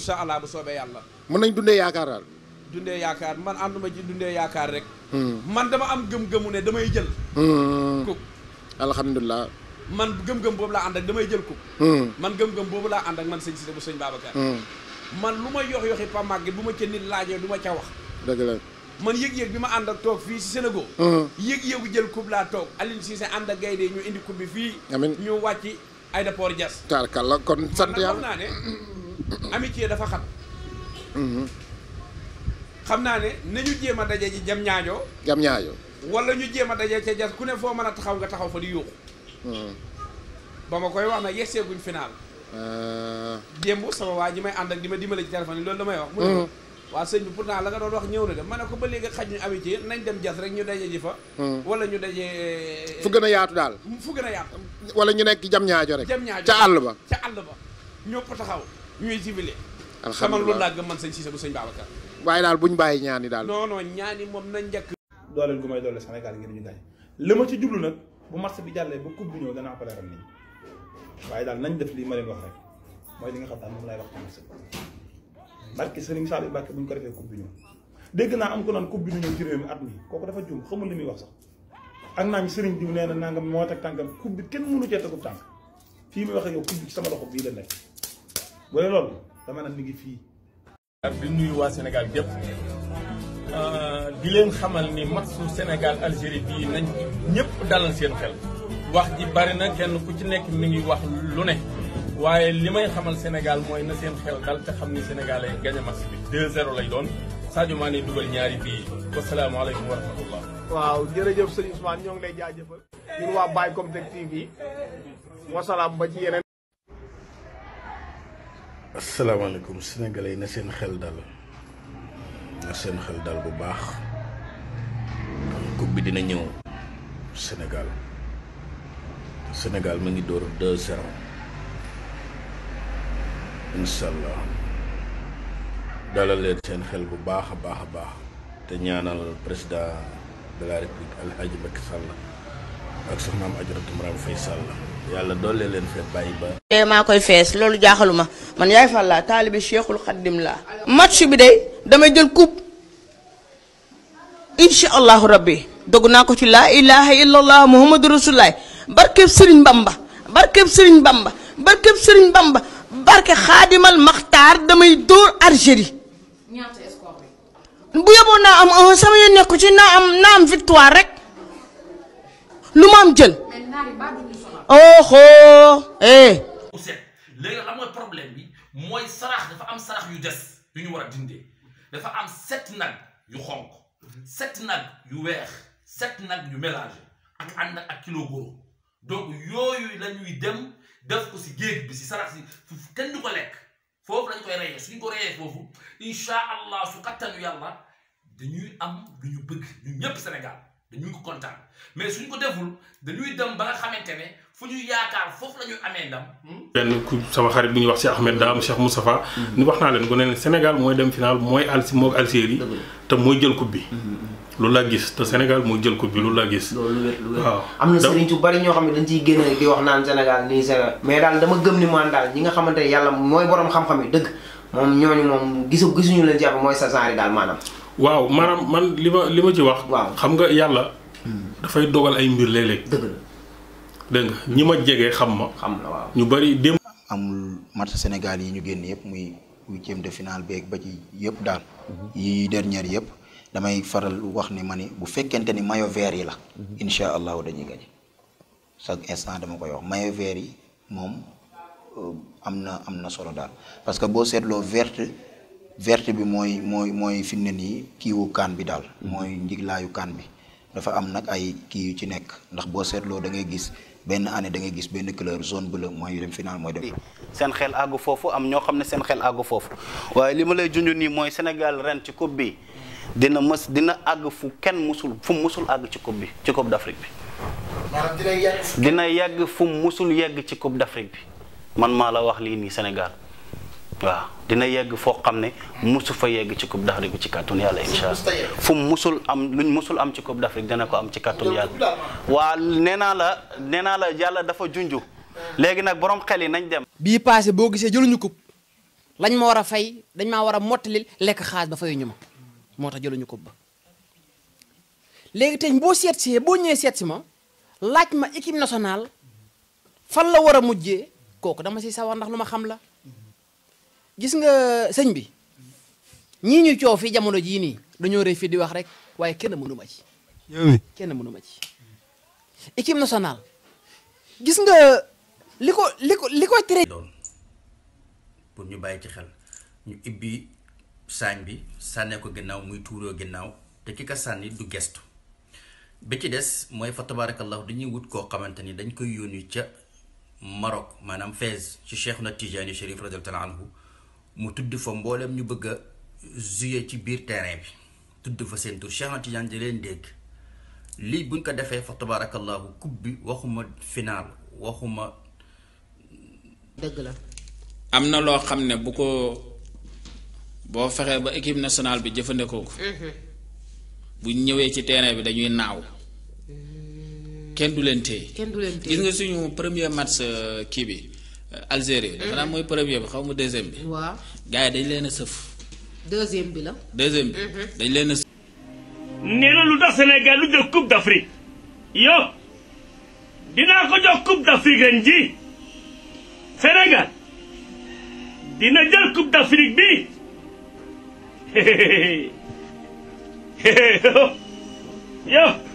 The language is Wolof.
incha allah bu soobee yàlla. mën nañ dundee yaakaar daal. dundee yaakaar man ànduma ji dundee yaakaar rek. Hmm. man dama am gëm-gëmu ne damay jël. coupe. Hmm. alhamdulilah. man gëm-gëm boobu laa ànd ak damay jël coupe. Hmm. man gëm-gëm boobu laa ànd ak man sëñ Cissé bu sëñ Babacar. man lu ma yox yoxi Pa Màgget bu ma ca nit laajee du ma ca wax. dëgg la. man yëg-yëg bi ma ànd ak toog fii si Sénégal. yëg-yëgu jël coupe laa toog Alioune Cissé ànd ak gaynde ñu indi coupe bi fii. amiin ñu wàcci aéroport Diass. tarkalla kon sant yàlla man nag amitié dafa xat mm-hmm. xam naa ne nañu jéem a daje ji jam ñaajo jam ñaajo wala ñu jéem a daje ca jas ku ne foo mën a taxaw nga taxaw fa di yuuxu mm-hmm. ba ma koy wax na yegsee guñ final euh. démb sama waa ji may ànd ak di ma dimbale ci téléphone yi loolu damay wax mu ne mm-hmm. waa sëñ bi pourtant la nga doon wax ñëw na de ma ne ko ba léegi xaj ñu amitié nañ dem jas rek ñu daje ji fa wala ñu daje fu gën a yaatu daal fu gën a yaatu wala ñu nekk jam ñaajo rek jam ñaajo ca àll ba ca àll ba ñëpp taxaw bi may ciblé. alhamdulilah man loolu laa gëm man sëñ Cissé bu sëñ Babacar. waaye daal bu ñu bàyyi ñaani daal. non non ñaani moom na njëkk. dooleel gu may dooleel Sénégal ngir ñu gañ li ma ci jublu nag bu match bi jàllee ba coupe bi ñëw danaa ko leeral nii waaye daal nañ def lii ma leen wax rek mooy li nga xam daal moom lay wax ci match bi. barke Serigne Saliou bu ñu ko defee coupe bi ñëw dégg naa am ko naan coupe bi ñëw ci réew mi at mi kooku dafa juum xamul li muy wax sax ak naa ñu sëriñ diw nee na nangam moo teg tànkam coupe bi kenn mënu cee tegub tànk fii muy wax ak yow coupe bi ci sama loxo bii la nekk bu dee dama mi ngi fii. di nuyu waa Sénégal yëpp euh, di leen xamal ni matchu Sénégal Algérie bii nañ ñëpp dalal seen xel. wax ji bari na kenn ku ci nekk mi ngi wax lu ne waaye li may xamal Sénégal mooy na seen xel dal te xam ni Sénégal ay gañ a match bi 2-0 lay doon Sadio Mané dugal ñaari bii wasalaamaaleykum wa rahmatullah. waaw jërëjëf sëñ Ousmane ñoo ngi lay jaajëfal. ñun waa Baye Comtech TV wasalaam ba ci yeneen. asalaamaaleykum sénégalais yi na seen xel dal na seen xel dal bu baax kub bi dina ñëw Sénégal Sénégal mu ngi dóor deux zéro incha allah dalal leen seen xel bu baax a baax a baax te ñaanal président de la république Alhaji Macky Sall ak soxnaam Adjaratou Marème Faye Sall yàlla doole leen fee bàyyi maa koy fees loolu jaaxaluma man yaay fal laa taalibe Cheikhul Khadim laa. match bi day damay jël coupe incha allahu rabbi dog naa ko ci laa ilaha illallah muhammadu rasulullah barkeb Serigne Bamba barkeb Serigne Bamba barke xaadimal maxtaar damay dóor Algérie. bu yóbboo naa am sama yoon nekku ci naa am naa am victoire rek lu ma am jël. oxo eh bu set léegi nag la mooy bi mooy sarax dafa am sarax yu des yu ñu war a dindee dafa am set nag yu xonq set nag yu weex set nag yu mélangé ak ànd ak kilo góoro donc yooyu la ñuy dem def ko si géej bi si sarax si kenn du ko lekk foofu lañ koy reyee suñ ko reyee foofu incha allah su kattanu yàlla dañuy am lu ñu bëgg ñun ñëpp Sénégal dañuy kontaan mais suñ ko deful dañuy dem ba nga xamante ne fu ñu yaakaar foofu la ñu amee ndam. Hmm? benn sama xarit bu ñuy wax Cheikh Ahmed Dame Cheikh Moustapha hmm. ni wax naa leen ko ne leen Sénégal mooy dem final mooy alsi moog Algérie te mooy jël coupe bi. Hmm, loolu laa gis te Sénégal mooy jël coupe bi laa gis. loolu lu wér lu wér waaw am na sëriñ su bari ñoo xam ne dañ ciy génn di wax naan Sénégal nii Sénégal mais daal dama gëm ni man daal ñi nga xamante ne yàlla mooy borom xam-xam yi dëgg moom ñooñu moom gisu gisuñu leen jàpp mooy sa genre daal maanaam waaw maanaam man li ma li ma ci wax. waaw xam nga yàlla. dafay dogal ay mbir léeg-léeg. dëgg ñi ma jege xam ma. xam la waaw ñu bari démb. amul match Sénégal yi ñu génn yëpp muy huitième de finale beeg ba ci yëpp daal. Mhm. yi dernière yëpp damay faral wax ni ma ni bu fekkente ni maillot vert yi la. Mhm. incha allahu dañuy gañe chaque instant dama koy wax maillot vert yi moom euh, am na am na solo daal parce que boo seetloo verte. verte bi mooy mooy mooy fi ne nii kiiwu kaan bi daal. Mm-hmm. mooy njiglaayu kaan bi. dafa am nag ay kii yu ci nekk ndax boo seetloo dangay gis benn année da ngay gis benn couleur zone bleue mooy dem final mooy dem. seen xel àggu foofu am ñoo xam ne seen xel àggu foofu waaye li ma lay junj nii mooy Sénégal ren ci coupe bi dina mës dina àgg fu kenn musul fu musul àgg ci coupe bi ci coupe d'Afrique bi. dina yàgg. dina yàgg fu yàgg ci coupe d'Afrique bi man maa la wax lii nii Sénégal. waaw dina yegg foo xam ne mosu fa yegg ci coupe d'Afrique bi ci kàttun yàlla incha allah fu musul am lu luñ musul am ci coupe d'Afrique dina ko am ci kàttun yàlla waa nee naa la nee naa la yàlla dafa junj léegi nag borom xel yi nañ dem bii passé boo gisee jëluñu coupe lañ ma war a fay dañ ma war a mottili lekk xaas ba fayu ñu ma moo tax jëluñu coupe ba léegi tey boo seet si boo ñëwee seet si ma laaj ma équipe nationale fan la war a mujjee kooku dama si sawar ndax lu xam la gis nga sëñ bi ñii ñu coow fi jamono jii nii dañoo rëy fi di wax rek waaye kenn mënu ma ci. kenn mënu ma ci. équipe nationale. gis nga li ko li ko li ko tere. doon pour ñu bàyyi ci xel ñu ibbi saañ bi sànnee ko gannaaw muy tuuroo ginnaaw te ki ka sànni du gestu bi ci des mooy fa tabarakallahu dañuy wut koo xamante ni dañ koy yónni ca Maroc maanaam Fès ci Cheikh na Tijaani Chérif radiyallahu anhu mu tudd fa mbooleem ñu bëgg a jouer ci biir terrain bi tudd fa seen tur Cheikh di leen dégg lii buñ ko defee fa tabaarakallaahu coupe bi waxuma final waxuma. dëgg la. am na loo xam ne bu ko boo fexee ba équipe nationale bi jëfandikoo ko. Mhm. ñëwee ci terrain bi dañuy naaw. Mhm. kenn du leen téye. kenn du leen téye gis nga suñu premier match euh, kii bi. Algérie. dafa mhm. naa mooy premier bi xaw ma deuxième bi. waaw gars yi dañ leen a sëf. deuxième bi la. deuxième bi mhm. dañ leen a. nee na lu tax Sénégal lu jox coupe d'Afrique yow dinaa ko jox coupe d'Afrique ren ji Sénégal dina jël coupe d'Afrique bi yow.